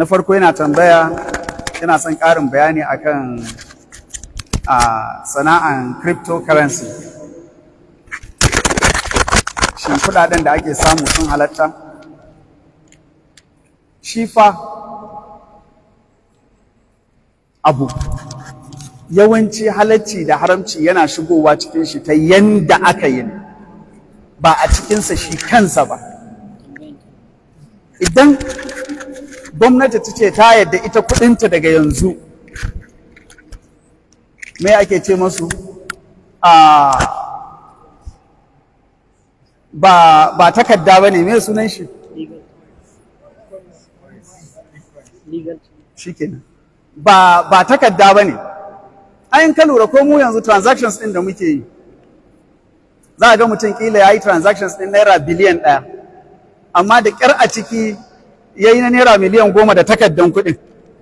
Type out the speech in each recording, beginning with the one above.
na farko yana tambaya yana son ƙarin bayani akan a sana'an cryptocurrency shin kudaden da ake samu sun halatta shi fa abu yawanci halacci da haramci yana shigowa cikin shi ta yanda aka yi ba a cikinsa shi kansa ba idan gwamnati ta ce ta yadda ita kudinta daga yanzu me ake ce masu ba ba takarda ba ne me sunan shi ba ba takarda ba ne ayin ka lura ko mu yanzu transactions din da muke yi za a ga mutum kila ya yi transactions din naira biliyan ɗaya amma da ƙyar a ciki ya yi na naira miliyan goma da takardun kuɗin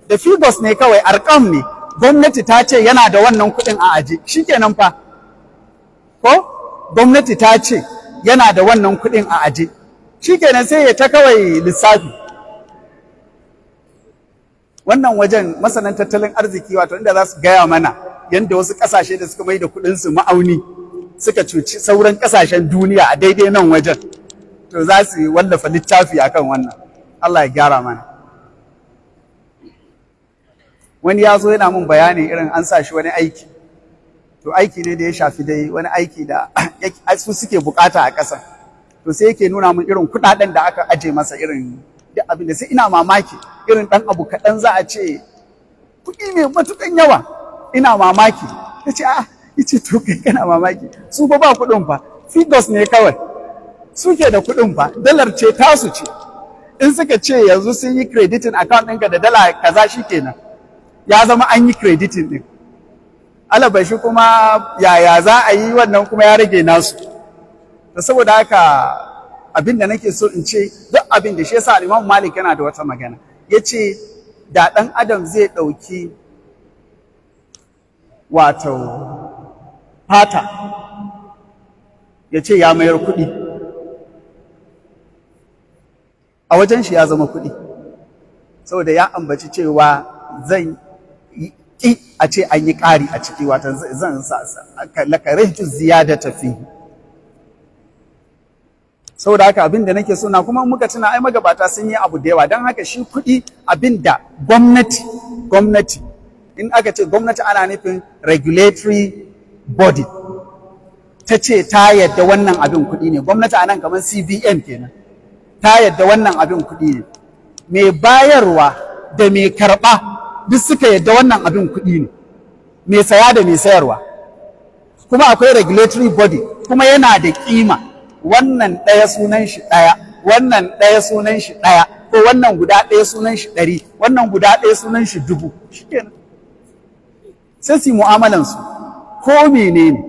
da figos ne kawai arkam ne gwamnati ta ce yana da wannan kuɗin a aji nan fa ko gwamnati ta ce yana da wannan kuɗin a aji shikenan sai ya ta kawai lissafi wannan wajen masanan tattalin arziki wato inda za su gaya mana yadda wasu ƙasashe da suka mai da kuɗinsu ma'auni suka cuci sauran ƙasashen duniya a daidai nan wajen to za su wallafa littafi akan wannan Allah ya gyara mana wani ya zo yana mun bayani irin an sa shi wani aiki to aiki ne da ya shafi dai wani aiki da su suke bukata a ƙasa to sai yake nuna mun irin kuɗaɗen da aka aje masa irin da abin da sai ina mamaki irin ɗan abu kaɗan za a ce kuɗi ne matukan yawa ina mamaki ta ce ah, ya ce, to kai kana mamaki su ba ba kuɗin fa Figos ne kawai suke da kuɗin fa dalar ce tasu ce in suka ce yanzu sun yi kreditin account ɗinka da dala kaza shi kenan ya zama an yi kreditin ɗin alabar shi kuma yaya za a yi wannan kuma ya rage nasu da saboda haka abin da nake so in ce duk abin da shi yasa al Malik yana da wata magana Ya ce da ɗan adam zai ɗauki wato fata ya ce ya mayar kuɗi a wajen shi ya zama kuɗi saboda ya ambaci cewa zan yi a ce an yi ƙari a ciki wata zan sa lakarihtu ziyadata fi saboda haka abin da nake so na kuma muka tuna ai magabata sun yi abu da yawa don haka shi kuɗi abin da gwamnati gwamnati in aka ce gwamnati ana nufin regulatory body ta ce ta yadda wannan abin kuɗi ne gwamnati a nan kamar cbn kenan ta yadda wannan abin kuɗi ne mai bayarwa da mai karɓa duk suka yadda wannan abin kuɗi ne mai saya da mai sayarwa kuma akwai regulatory body kuma yana da kima wannan ɗaya sunan shi ɗaya wannan ɗaya sunan shi ɗaya ko wannan guda ɗaya sunan shi ɗari wannan guda ɗaya sunan shi dubu shikenan sai su mu'amalansu ko menene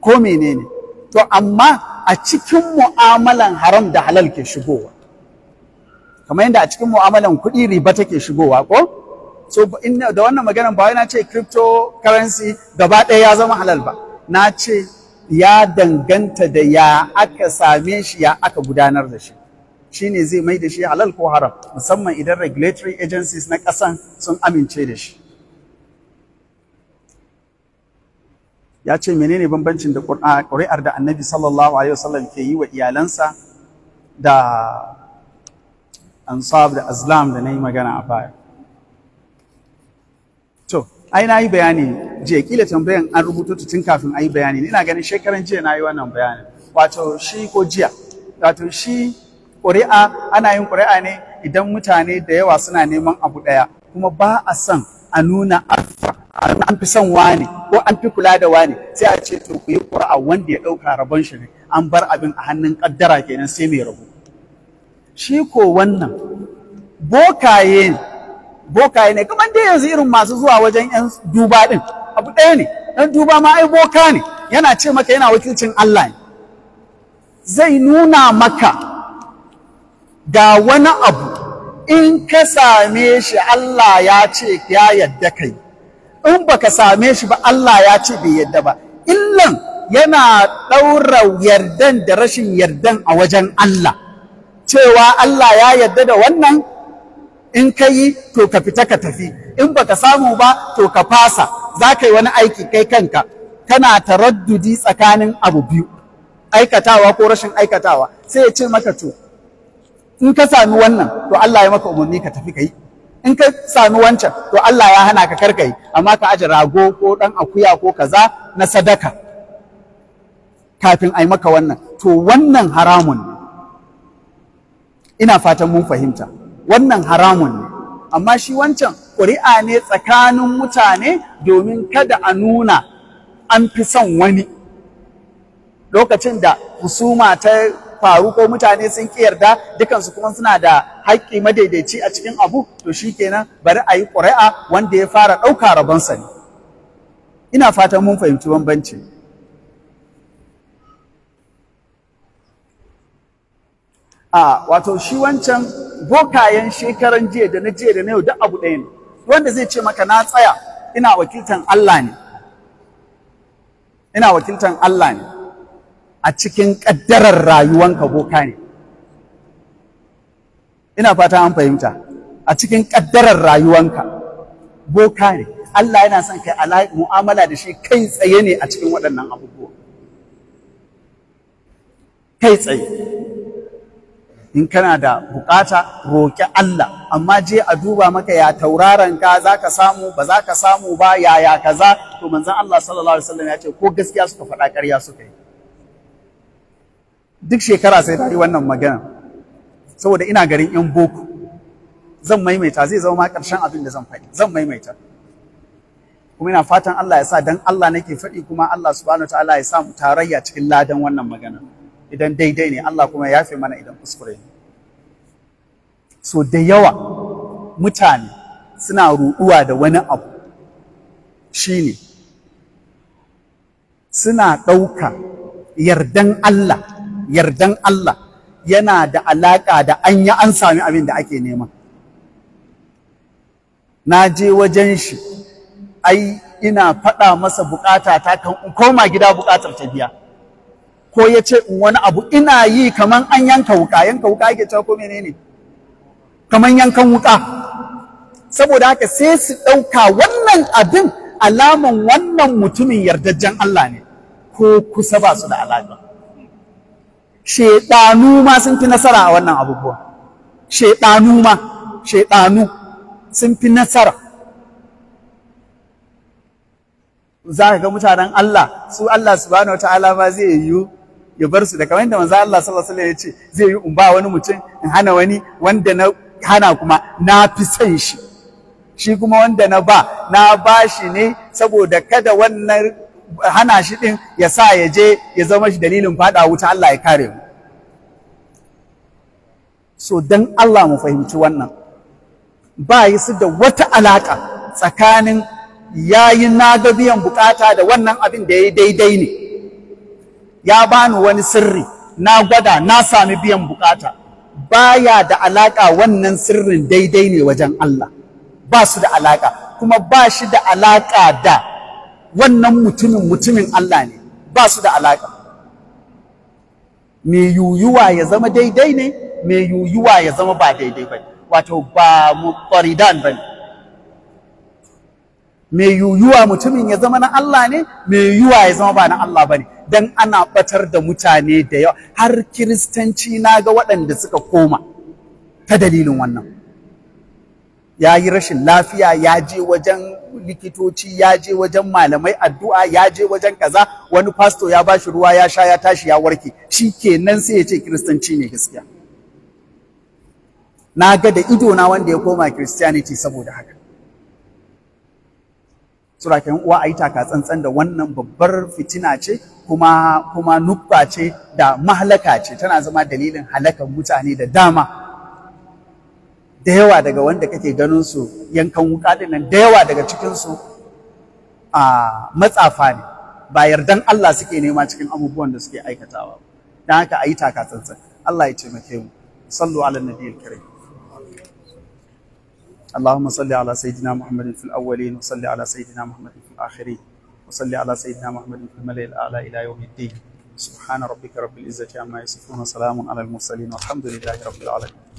ko menene to amma a cikin mu'amalan haram da halal ke shigowa kamar yadda a cikin mu'amalan kuɗi riba take shigowa ko so da wannan maganar ba na ce cryptocurrency gaba ɗaya ya zama halal ba na ce ya danganta da ya aka same shi ya aka gudanar da shi Shi ne zai mai da shi halal ko haram musamman idan regulatory agencies na ƙasan sun amince da shi ya ce menene bambancin da ƙuri'ar da annabi sallallahu alaihi wasallam ke yi wa iyalansa da ansab da azlam da na yi magana a baya to ai na yi bayani jiya kila tambayan an rubuto tutun tun kafin a yi bayani ina ganin shekaran jiya na yi wannan bayanin wato shi ko jiya wato shi ƙuri'a ana yin ƙuri'a ne idan mutane da yawa suna neman abu ɗaya kuma ba a san a nuna an fi son wani ko an fi kula da wani sai a ce to ku yi ƙura'a wanda ya ɗauka rabon shi ne an bar abin a hannun ƙaddara kenan sai mai rabu. shi ko wannan bokaye bokaye ne kamar dai yanzu irin masu zuwa wajen yan duba din abu ɗaya ne ɗan duba ma ai boka ne yana ce maka yana wakilcin Allah ne zai nuna maka ga wani abu in ka same shi Allah ya ce ya yadda kai in baka same shi ba Allah ya ce bai yarda ba illan yana ɗaura yardan da rashin yardan a wajen Allah cewa Allah ya yarda da wannan in ka yi to ka fita ka tafi in baka samu ba to ka fasa za ka yi wani aiki kai kanka kana taraddudi tsakanin abu biyu aikatawa ko rashin aikatawa sai ya ce maka to in ka sami wannan to Allah ya maka umarni ka tafi ka yi in ka sami wancan to Allah ya hana ka yi amma ka aje rago ko dan akuya ko kaza na sadaka kafin ai maka wannan to wannan haramun ne ina fatan mun fahimta wannan haramun ne amma shi wancan ƙuri'a ne tsakanin mutane domin kada a nuna an fi son wani lokacin da husuma ta faru ko mutane sun ki yarda dukansu kuma suna da haƙƙi madaidaici a cikin abu to shi kenan bari a yi ƙuri'a wanda ya fara ɗauka rabonsa ne ina fatan mun fahimci bambanci a wato shi wancan bokayen shekaran jiya da na jiya da na yau duk abu ɗaya ne wanda zai ce maka na tsaya ina wakiltan Allah ne ina wakiltan Allah ne a cikin ƙaddarar rayuwanka boka ne ina fata an fahimta a cikin ƙaddarar rayuwanka boka ne Allah yana son kai mu'amala da shi kai tsaye ne a cikin waɗannan abubuwa kai tsaye in kana da bukata roƙi Allah amma je a duba maka ya tauraron ka za ka samu ba za ka samu ba yaya kaza to manzan Allah sallallahu alaihi wasallam ya ce ko gaskiya suka faɗa ƙarya suka yi duk shekara sai ta wannan magana saboda ina garin yan boko zan maimaita zai zama karshen abin da zan faɗi zan maimaita kuma ina fatan Allah ya sa dan Allah nake faɗi kuma Allah subhanahu wataala ya sa mu tarayya cikin ladan wannan magana idan daidai ne Allah kuma ya yafe mana idan kuskure ne so da yawa mutane suna ruɗuwa da wani abu shine suna ɗauka yardan Allah yardan Allah yana da alaƙa da an an sami abin da ake nema na je wajen shi ai ina faɗa masa bukata ta kan koma gida bukatar ta biya ko ya ce in wani abu ina yi kaman an yanka wuka yanka wuka ake cewa ko menene kaman yankan wuka saboda haka sai su ɗauka wannan abin alaman wannan mutumin yardajjen Allah ne ko kusa ba su da alaƙa shaidanu ma sun fi nasara a wannan abubuwa shaidanu ma shaidanu sun fi nasara za ka ga mutanen Allah su Allah subhanahu wataala ma zai yiwu ya bar su da kamar yadda manzo Allah sallallahu alaihi wasallam ya ce zai yi in ba wani mutum in hana wani wanda na hana kuma na fi son shi shi kuma wanda na ba na ba shi ne saboda kada wannan hana shi ɗin ya sa ya je ya zama shi dalilin fada wuta Allah ya kare mu so dan Allah mu fahimci wannan ba yi su da wata alaƙa tsakanin yayi na ga biyan bukata da wannan abin da ya yi daidai ne ya bani wani sirri na gwada na sami biyan bukata baya da alaƙa wannan sirrin daidai ne wajen Allah ba su da alaka kuma ba shi da alaƙa da wannan mutumin mutumin Allah ne ba su da alaƙa mai yuyuwa ya zama daidai ne mai yuyuwa ya zama ba daidai ba wato ba muqaridan ba ne mai yuyuwa mutumin ya zama na Allah ne mai yuyuwa ya zama ba na Allah ba ne don ana batar da mutane da yawa har kiristanci na ga waɗanda suka koma ta dalilin wannan ya yi rashin lafiya ya je wajen likitoci ya je wajen malamai addu'a ya je wajen kaza wani pastor ya bashi ruwa ya sha ya tashi ya warke shi kenan sai ya ce kiristanci ne gaskiya na ga da ido na wanda ya koma christianity saboda haka suraken uwa a yi taka tsantsan da wannan babbar fitina ce kuma kuma nubba ce da mahalaka ce tana zama dalilin halakan mutane da dama da yawa daga wanda kake ganin su yankan wuka dinnan da yawa daga cikin su a matsafa ne ba yardan Allah suke nema cikin abubuwan da suke aikatawa dan haka ayi taka tsantsan Allah ya taimake mu sallu ala nabiyil karim اللهم صل على سيدنا محمد في وصل على سيدنا محمد في وصل على سيدنا محمد في الملأ يوم الدين سبحان ربك رب عما يصفون وسلام على المرسلين والحمد لله رب العالمين